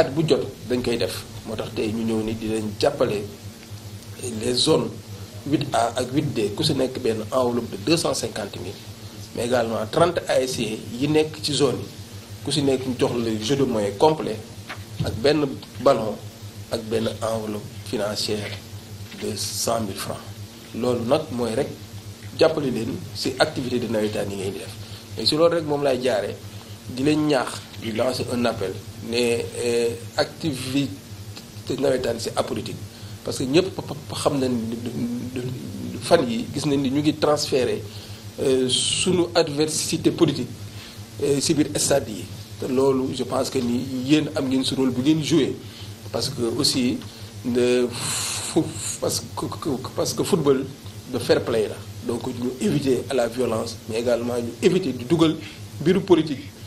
at bu jot dañ koy def moo tax tey ñu ñëw nii dinañ jàppale les zones 8A ak 8D ku si nekk benn enveloppe de 250 000 mais également 30 ASC yi nekk ci zone yi ku si nekk ñu jox la jeu de moyens complet ak benn ballon ak benn enveloppe financière de 100 000 francs loolu nag mooy rek jàppale leen si activité de nawetaan yi ngay def mais si loolu rek moom laay jaaree. di leen ñaax di lancer un appel ne euh, activité nawetaan si apolitique parce que ñëpp xam na fan yi gis nañ ni ñu ngi transféré euh, sunu adversité politique si euh, biir stade yi te loolu je pense que ni yéen am ngeen su rôle bu ngeen joué parce que aussi parce que parce que football de fair play la donc ñu éviter à la violence mais également ñu éviter di dugal mbiru politique